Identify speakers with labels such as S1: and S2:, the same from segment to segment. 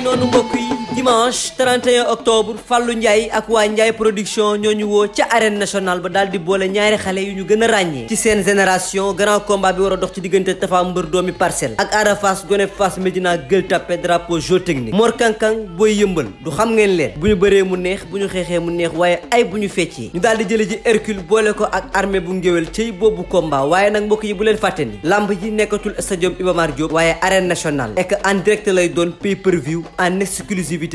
S1: ngi noonu mbokk yi dimanche 31 octobre Fallou Ndiaye ak waa Ndiaye production ñoo ñu woo ca arène nationale ba daal di boole ñaari xale yu ñu gën ràññee ci seen génération grand combat bi war a dox ci diggante Tapha Mbeur doomi parcelle ak Ada Fass gone Fass Médina Gueule Tapée drapeau jeu technique Mor Kankang booy yëmbal du xam ngeen leen bu ñu bëree mu neex bu ñu xeexee mu neex waaye ay bu ñu feccee ñu daal di jële ji Hercule boole ko ak armée bu ngéwél cey boobu combat waaye nag mbokk yi bu leen fàtte ni lamb ji nekkatul stadium Iba Mar Diop waaye arène nationale et que direct lay doon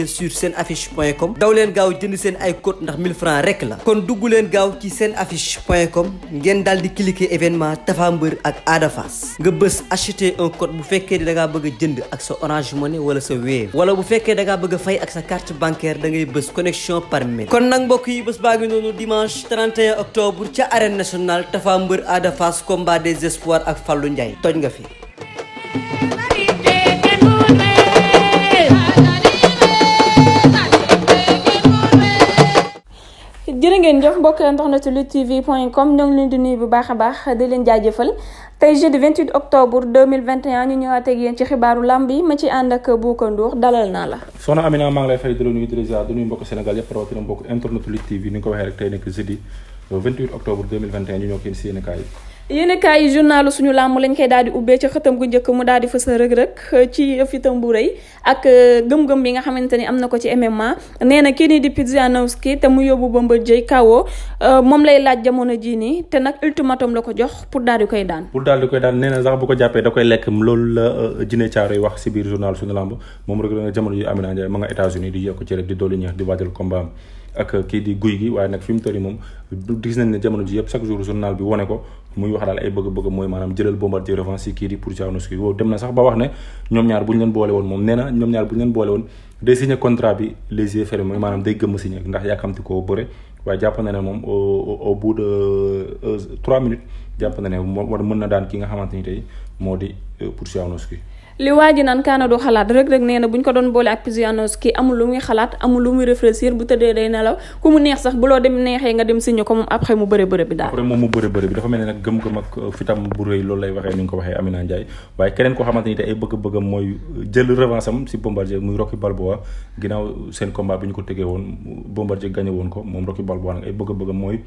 S1: activité sur sen affiche point com daw leen gaaw jënd seen ay code ndax 1000 francs rek la kon dugg leen gaaw ci seen affiche point com ngeen daal di cliquer événement Tapha Mbeur ak Ada nga bës acheter un code bu fekkee da ngaa bëgg a jënd ak sa Orange Money wala sa Wave wala bu fekkee da ngaa bëgg fay ak sa carte bancaire da ngay bës connexion par mail kon nag mbokk yi bés baa ngi noonu dimanche 31 octobre ca arène nationale Tapha Mbeur Ada Fass combat des espoirs ak Fallou Ndiaye toj nga fi
S2: jërë ngeen jëf mbokk internet Lutte TV point com ñoo ngi leen di nuyu bu baax a baax di leen jaajëfal tey jeudi 28 octobre 2021 ñu ñëwaat ak yéen ci xibaaru lamb yi ma ci ànd ak Bouka dalal naa la
S3: soxna Amina maa ngi lay fay di la nuyu di la ziar mbokk Sénégal yëpp rawatina mbokk internet Lutte TV ni nga ko waxee rek tey nekk jeudi 28 octobre 2021 ñu ñoo ko yéen si yéen kaay yi
S2: yéen kaay yi journalu suñu làmb lañ koy daal di ubbee ca xëtam gu njëkk mu daal di fës rëg-rëg ci fitam bu rëy ak euh, gëm-gëm bi nga xamante ni am na ko ci MMA nee na kii nii di Pudzianowski te mu yóbbu Bombardier kawo euh, moom lay laaj jamono jii nii te nag ko jox pour daal di koy daan
S3: pour daal di koy daan nee na sax bu ko jàppee da koy lekk loolu la euh, Jine moom rek nga jamono yu Amina Ndiaye ma nga États-Unis di yokk ci rek di dolli ñeex di moom gis ji yëpp chaque jour journal bi wone ko muy wax daal ay bëgg-bëgg mooy maanaam jëlal Bombardier revanche si kii di Pudzianowski wow dem na sax ba wax ne ñoom ñaar bu ñu leen boole woon moom nee na ñoom ñaar bu ñu leen boole woon day signé contrat bi les yeux fermés maanaam day gëmm signé ndax yàkkamti koo bëre waaye jàpp na moom au bout de euh, trois minutes jàpp na ne moom war mën na daan ki nga xamante ni tey moo di pour euh, si Pudzianowski
S2: li waa naan kaana du xalaat Reug Reug nee na bu ñu ko doon boole ak Pysianos kii amul lu muy xalaat amul lu muy réfléchir bu tëddee day nelaw ku mu neex sax bu loo dem neexee nga dem signé ko moom après mu bëre bëre bi daal
S3: après moom mu bëre bi dafa mel ne nag gëm-gëm ak euh, fitam bu rëy loolu lay waxee ni nga ko waxee Amina Ndiaye waaye keneen ko xamante ni te ay bëgg-bëggam mooy jël revanche am si Bombardier muy Rocky Balboa ginnaaw seen combat bi ñu ko tegee woon Bombardier gagné woon ko moom Rocky Balboa nag ay bëgg-bëggam mooy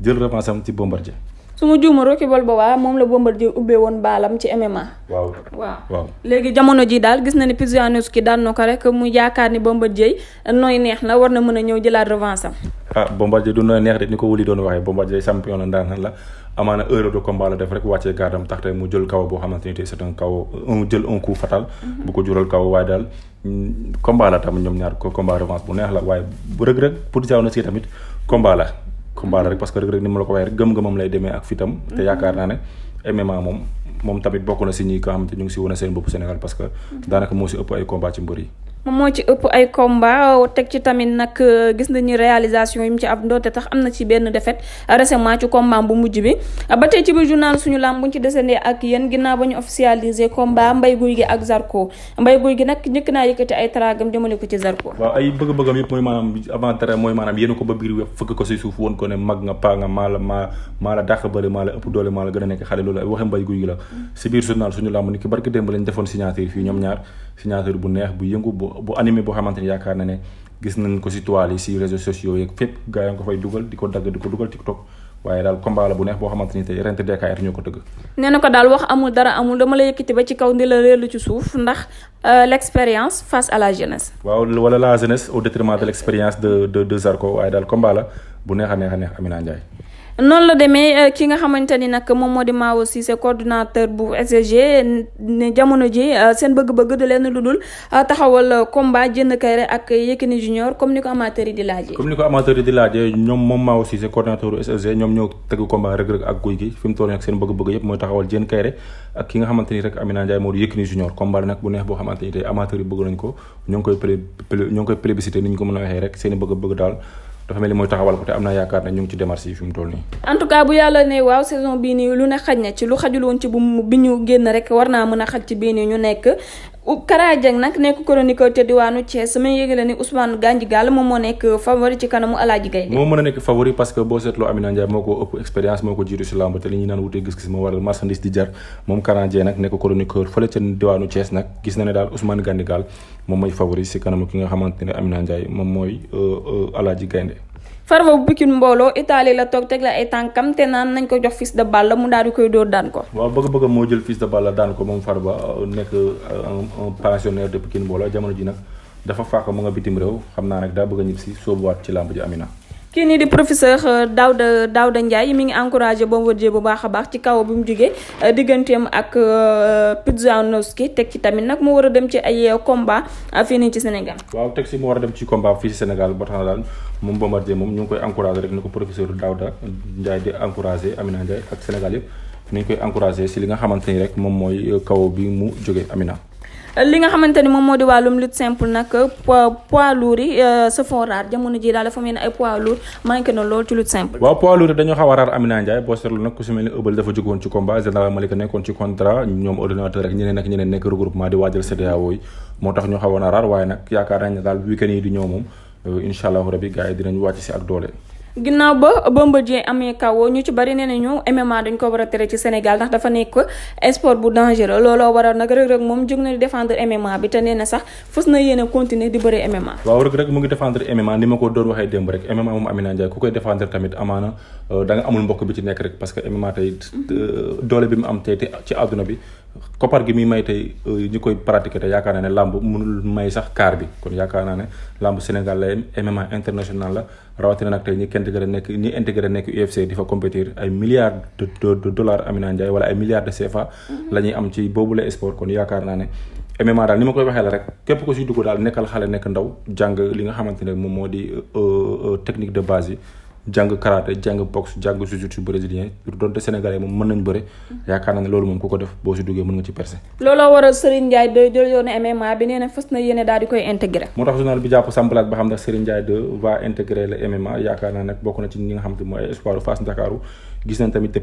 S3: jël revanche am ci Bombardier
S2: su ma juuma Rocky Balboa moom la Bombardier ubbee woon baalam ci MMA.
S3: waaw waaw
S2: léegi jamono ji daal gis na ni Pudzianowski daan na ko rek mu yaakaar ni Bombardier nooy neex na war na mën a ñëw jëlaat revanche am.
S3: ah Bombardier du nooy neex de ni ko wuli doon waxee Bombardier champion la ndaanaan la amaana heure de combat la def rek wàccee gardam tax tey mu jël kaw boo xamante ni tey c'est un kaw un jël un coup fatal. Mhm. bu ko jural kaw waaye daal. Mm, combat la tam ñaar ko combat revanche bu neex la waaye bu rëg rëg Pudzianowski tamit combat combat rek parce que rek rek ni ma la ko waxee rek gëm-gëmam lay demee ak fitam mm-hmm. te yaakaar naa ne MMA moom moom tamit bokk na si ñi nga xamante ñu si wane seen bopp Sénégal parce que mm-hmm. daanaka moo si ëpp ay combat ci mbër
S2: moom moo ci ëpp ay combat teg ci tamit nag euh, gis nañu réalisation yi mu ci ab ndoote tax am na ci benn défaite récemment ci combat bu mujj bi ba tey ci biir journal bu ñu ci desandee ak yéen ginnaaw ba ñu officialisé combat mbay guy gi ak Zarko mbay guy gi nag njëkk naa yëkkati ay tragam jëmale ko ci Zarko.
S3: waaw ay bëgg-bëggam yëpp mooy maanaam avant dara mooy maanaam yéen ko ba biir fëkk ko si suuf woon ko ne mag nga paa nga maa la maa maa la dàq bëri maa la ëpp doole maa la gën a nekk xale loolu ay waxe mbay guy gi la si mm. biir journal suñu lamb signature bu neex bu yëngu bu bu animé boo xamante ni yaakaar na ne gis nañ ko si toile yi si réseaux sociaux yeeg fépp gars yi ko fay dugal di ko dagg di ko dugal TikTok waaye ni tey rent ko tëgg.
S2: nee na ko daal wax amul dara amul dama la yëkkati ba ci kaw ndi la réerlu ci
S3: euh, l' wala la jeunesse au détriment de l' expérience waaye daal combat la bu neex a neex a neex Amina Ndiaye.
S2: noonu la demee eh, ki nga xamante ni nag moom moo di Maawo Cissé coordonnateur bu SSG ne jamono ji eh, seen bëgg-bëgg da leen lu dul eh, taxawal combat jënd kayre ak Yékini Junior comme ni ko amateurs yi
S3: combat Reug Reug ak Gouye Gui fi mu toll nag seen bëgg-bëgg yëpp mooy taxawal jënd kayre ak ki nga xamante ni rek Amina Ndiaye moo di Yékini Junior combat nag bu neex boo xamante ni tey amateurs yi bëgg nañ ko ñoo ngi koy plé ñoo ngi koy plébiscité ni ñu ko mën a waxee rek seen bëgg-bëgg daal dafa mel ni mooy taxawal ko te am naa yaakaar ne ñu ngi ci démarche yi fi mu nii.
S2: en bu yàlla ne waaw saison bii nii lu ne xaj na ci lu xajul ci bi ñu génn rek war naa mën a xaj ci bii nii ñu nekk Kara Dieng nekk chroniqueur te diwaanu Thiès ma yëgale ni Ousmane Gandigal moom moo nekk favori ci kanamu Aladji Gaye moo
S3: mën parce que boo seetloo Amina Ndiaye moo ko ëpp expérience moo ko jiitu si làmb te li ñuy naan wutee gis-gis moo waral moom Kara Dieng nag nekk chroniqueur fële ca diwaanu Thiès nag gis na ne daal Ousmane Gandigal moom mooy favori si kanamu ki nga xamante Amina Ndiaye moom mooy euh, euh, Aladji Gaye
S2: Farba bu Pikine mbooloo Italie la toog teg la ay tànkam te naan nañ ko jox Fils de Balla mu daal di koy dóor daan ko.
S3: waaw bëgg-bëgg moo jël Fils de Balla daan ko moom Farba nekk euh, un pensionnaire de Pikine mbooloo jamono ji nag dafa fàq mu nga bitim réew xam naa nag daa bëgg a ñibbisi sóobuwaat ci làmb ji Amina.
S2: kii nii di professeur euh, Daouda Daouda Ndiaye mi ngi encouragé jee bu baax a baax ci kaw bi mu jógee euh, digganteem ak euh, Pudzianowski teg ci tamit nag mu war a dem ci ay combat fii nii ci Sénégal.
S3: waaw teg si mu war a dem ci combat fii ci Sénégal ba tax na daal moom Bombardier moom ñu ngi koy encouragé rek ni ko professeur Daouda Ndiaye di encouragé Amina Ndiaye ak Sénégal yëpp ñu ngi koy encouragé si li nga xamante ni rek moom mooy kaw bi mu jógee Amina.
S2: li nga xamante ni moom moo di wàllum lutte simple nag poids lourd yi euh, se jamono ji daal dafa mel ni ay poids lourd manqué na lool ci lutte simple
S3: waaw xaw a raar Amina Ndiaye boo seetlu nag ku si mel ni Eubeuly dafa jógoon ci combat général Malika nekkoon ci contrat ñoom ordinateur ak ñeneen ak ñeneen nekk regroupement di waajal CEDEAO yi moo tax ñu xawoon a raar waaye nag yaakaar nañ ne daal week-end yi di ñëw moom euh, incha allahu rabi gars yi dinañ wàcc si ak doole
S2: ginnaaw ba Bomba Dieng amee kawoo ñu ci bari nee nañu MMA dañ ko war a tere ci Sénégal ndax dafa nekk sport bu dangereux looloo waral nag Reug Reug moom jóg na di défendre MMA bi te nee na sax fës na yéen a continuer di bëre MMA.
S3: waaw Reug mu ngi défendre MMA ni ma ko doon waxee démb rek MMA moom Amina Ndiaye ku koy défendre tamit amaana euh, da nga amul mbokk bi ci nekk rek parce que MMA tey mhm. euh, doole bi mu am tey ci àdduna bi koppar gi muy may tey euh, ñu koy pratiquer te yaakaar naa ne làmb mënul may sax kaar bi kon yaakaar naa ne làmb Sénégal la MMA international la. rawatina nag tey ñi intégré nekk ñi intégré nekk UFC di fa compétir ay milliards de dollars Amina Ndiaye wala ay milliards de CFA mhm. la am ci boobule sport kon yaakaar naa ne MMA daal ni ma koy waxee la rek képp ko si dugg daal nekkal xale nekk ndaw jàng li nga xamante ne moom moo di euh, euh, technique de base yi jàng karaté jàng boxe jàng jiu-jitsu brésilien pour donte moom mën nañ bëre yaakaar naa ne loolu moom ku ko def boo si duggee mën nga ci percé
S2: looloo di koy intégré
S3: moo tax journal bi jàpp sampalaat ba na ci ñi nga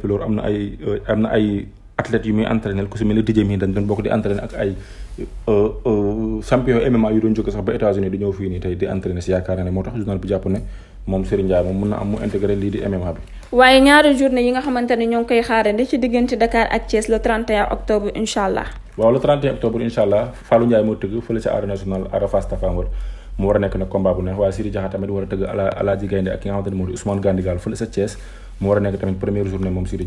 S3: loolu am na ay euh, am na ay athlètes yu muy entraîné ku si mel ni dañ doon bokk di entraîné ak ay euh, euh, champion MMA yu doon jóge sax ba États-Unis di ñëw fii nii tey di entraîné si yaakaar naa ne moo tax journal bi jàpp ne moom Serigne Ndiaye moom mun na am mu intégré lii di MMA bi.
S2: waaye ñaari journée yi nga xamante ne ñoo ngi koy xaarandi ci diggante Dakar ak Thiès le 31 octobre incha allah.
S3: waaw le 31 octobre incha allah Fallou Ndiaye moo tëgg fële ca arène nationale Ada Fass Tapha mu war a nekk nag combat bu neex waaye Siri Diakha tamit war a tëgg Alaaji Gaynde ak ki nga xamante moo di Ousmane Gandigal fële sa Thiès mu war a nekk tamit première journée moom Siri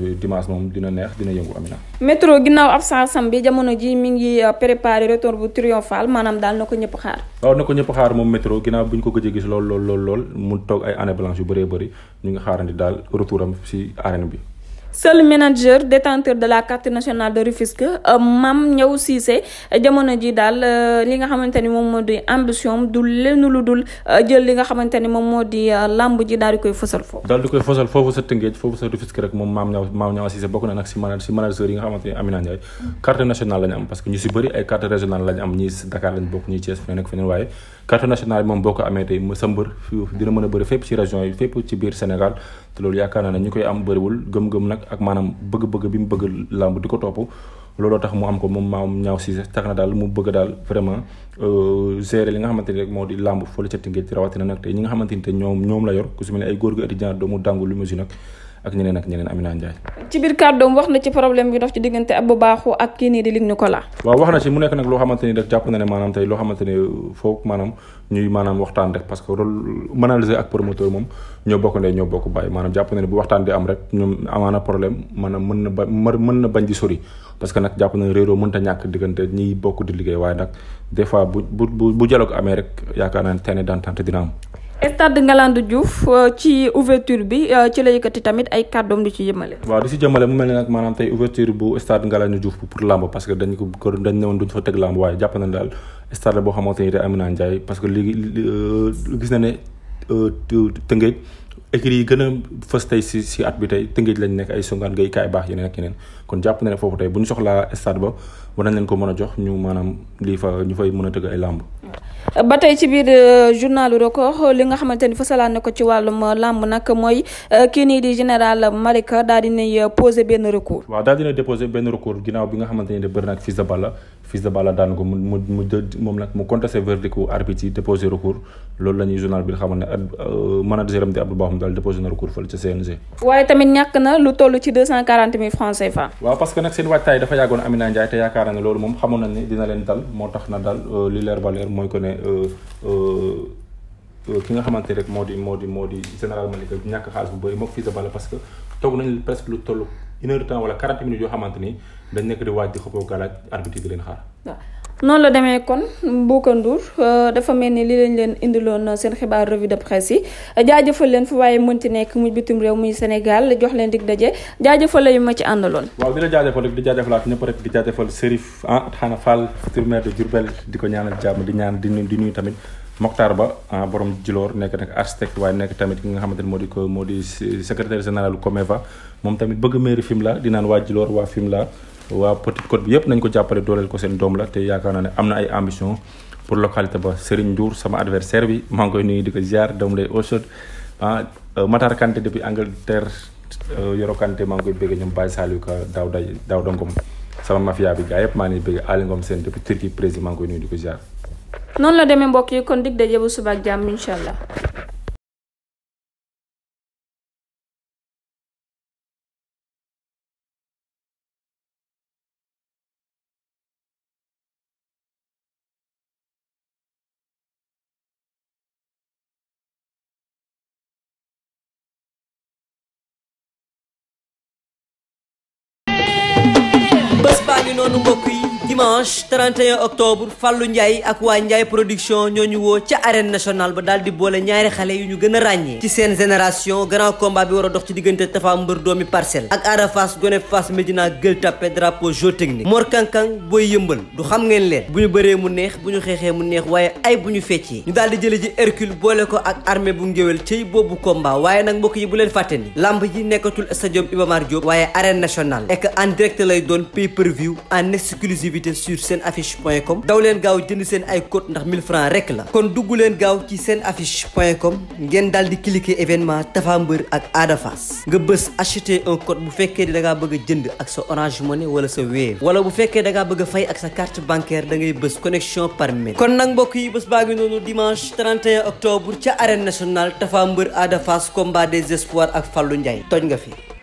S3: Euh, dimanche moom dina neex dina yëngu Amina.
S2: métro ginnaaw absence am bi jamono ji mi ngi euh, préparé retour bu triomphal maanaam daal na ko ñëpp xaar.
S3: waaw na ko ñëpp xaar moom métro ginnaaw bi ñu ko gëj gis lool lool lool lool mu toog ay année blanche yu bëree bëri ñu ngi xaarandi daal retour am si arène bi.
S2: seul manager détenteur de la carte nationale de Rufisque euh, Mame Ndiaw Cissé euh, jamono ji daal euh, li nga xamante moom moo di ambition du lenn lu dul jël li nga xamante moom moo di làmb ji daal di koy fësal
S3: foofu. sa Tëngéej foofu sa Rufisque rek moom Mame Ndiaw Mame bokk na nag si manager yi nga xamante ni Amina Ndiaye carte nationale lañu am parce que ñu si bëri ay carte régionale lañu am ñii Dakar lañ bokk ñii Thiès feneen ak feneen waaye carte nationale moom boo ko amee tey sa mbër a bëri fépp ci région yi fépp ci biir Sénégal te loolu gëm-gëm ak maanaam bëgg-bëgg bi mu bëgg làmb di ko topp looloo tax mu am ko moom maam ñaaw Cissé tax na daal mu bëgg daal vraiment euh, gérer li nga xamante ni rek moo di làmb fële ca Tëngéej rawatina nag tey ñi nga xamante ni te ñoom ñoom la yor ku su mel ne ay góor gu étudiant doomu dàngu lu mu si nag ak ñeneen ak ñeneen Amina Ndiaye.
S2: ci biir kàddoom wax na ci problème bi dox ci diggante Abou Bakhoum ak kii nii di Luc Nicolas.
S3: waaw wax na ci mu nekk nag loo xamante ni rek jàpp ne maanaam tey loo xamante waxtaan rek que rôle manager ak promoteur moom ñoo bokk ndey ñoo bokk bàyyi maanaam jàpp na ne bu waxtaan di am rek ñoom amaana problème maanaam mën na ba mën bañ di sori parce que nag jàpp na ne réeroo mënta ñàkk diggante ñiy bokk di liggéey waaye nag des bu bu bu bu dialogue amee rek yaakaar naa ne tene d'entente
S2: stade Ngalandou Diouf euh, ci ouverture bi euh, ci la yëkkati tamit ay kàddoom di ci jëmale.
S3: waa di si jëmale mu mel ne nag maanaam tey ouverture bu stade Ngalandou Diouf pour làmb parce que dañ ko dañ ne woon duñ fa teg làmb waaye jàpp na daal stade boo xamante ni tey Amina Ndiaye parce que léegi euh, gis na ne Tëngéej. écrits yi gën a fës tey si si at bi tey tëngéej lañ nekk ay sungaan gay kaay baax yeneen ak yeneen kon jàpp na ne foofu tey bu ñu soxlaa stade ba war nañ leen ko mën a jox ñu maanaam li fa ñu fay mun a tëgg ay làmb
S2: ba tey ci biir euh, journalu record li nga xamante ni fësalaan na ko ci wàllu wàllum euh, làmb nag mooy euh, kii nii di général Malika daal di nay posé benn recours.
S3: waaw daal dina déposé benn recours ginnaaw bi nga xamante ne de bëri na ak Fils de Balla Fils de Balla daan ko mu mu mu moom nag mu contesté verdict u arbitre yi recours loolu la journal bi xamal ne ad euh, euh, manager am di Abdou Bakhoum daal déposé na recours fële ca CNG.
S2: waaye tamit ñàkk na lu toll ci deux cent quarante mille francs CFA.
S3: waaw parce que nag seen waajtaay dafa yàggoon Amina Ndiaye te yaakaar na loolu moom xamoon nañ ne dina leen dal moo tax na dal euh, li leer ba leer mooy ko ne. ki nga xamante rek moo di moo di moo di général Malika ñàkk xaalis bu bëri mook Fils de Balla parce que toog nañ presque lu une heure de temps wala yoo xamante ni dañ
S2: noonu la demee kon Boucar Ndour euh, dafa mel ni li lañ leen indiloon seen xibaar revue de presse yi jaajëfal leen fu waaye mënti nekk mu bitim réew muy Sénégal jox leen dig daje jaajëfal la yu ma ci àndaloon.
S3: waaw di la jaajëfal di jaajëfalaat ñëpp rek di jaajëfal Serif ah Xana Fall futur maire de Diourbel di ko ñaanal jàmm di ñaan di nuyu tamit. Mokhtar Ba ah, borom Djilor nekk nag architecte waaye nekk tamit ki nga xamante ne moo di ko moo di secrétaire général Comeva moom tamit bëgg mairie la di naan waa Djilor waa Fimela waa Petite Côte bi yëpp nañ ko jàppale dooleel ko seen doom la te yaakaar naa ne am na ay ambition pour localité ba Serigne Ndour sama adversaire bi maa ngi koy nuyu di ko ziar doom lay Auxode ah euh, Matar Kanté depuis Angleterre euh, Yoro Kanté maa ngi koy bëgg ñoom Baye Saliou Ka Daouda Daouda Ngom sama mafia bi gaa yëpp maa ngi bëgg Aly Ngom Sène depuis
S1: Turquie président maa ko ziar.
S2: noonu la demee mbokk yi kon dig daje bu suba jàmm incha
S1: dimanche 31 octobre Fallou Ndiaye ak waa Ndiaye production ñoo ñu woo ca arène nationale ba daal di boole ñaari xale yu ñu gën a ràññee ci seen génération grand combat bi war a dox ci diggante Tafa Mbër doomi parcelle ak Ada Fass gone Fass Médina Gueule Tapée drapeau jeu technique Mor Kankang booy yëmbal du xam ngeen leen bu ñu bëree mu neex bu ñu xeexee mu neex waaye ay bu ñu feccee ñu daal di jële ji Hercule boole ko ak armée bu ngéwél cey boobu combat waaye nag mbokk yi bu leen fàtte ni lamb ji nekkatul stadium Iba Mar Diop waaye arène nationale et que direct lay doon disponibilité sur seen affiche point com daw leen gaaw jënd seen ay code ndax 1000 francs rek la kon dugg leen gaaw ci seen affiche point com ngeen daal di cliquer événement Tapha Mbeur ak Ada nga bës acheter un code bu fekkee ni da ngaa bëgg jënd ak sa Orange Money wala sa Wave wala bu fekkee da ngaa bëgg fay ak sa carte bancaire da ngay bës connexion par mail kon nag mbokk yi bés baa ngi noonu dimanche 31 octobre ca arène national Tapha Mbeur Ada Fass combat des espoirs ak fallu Ndiaye toj nga fi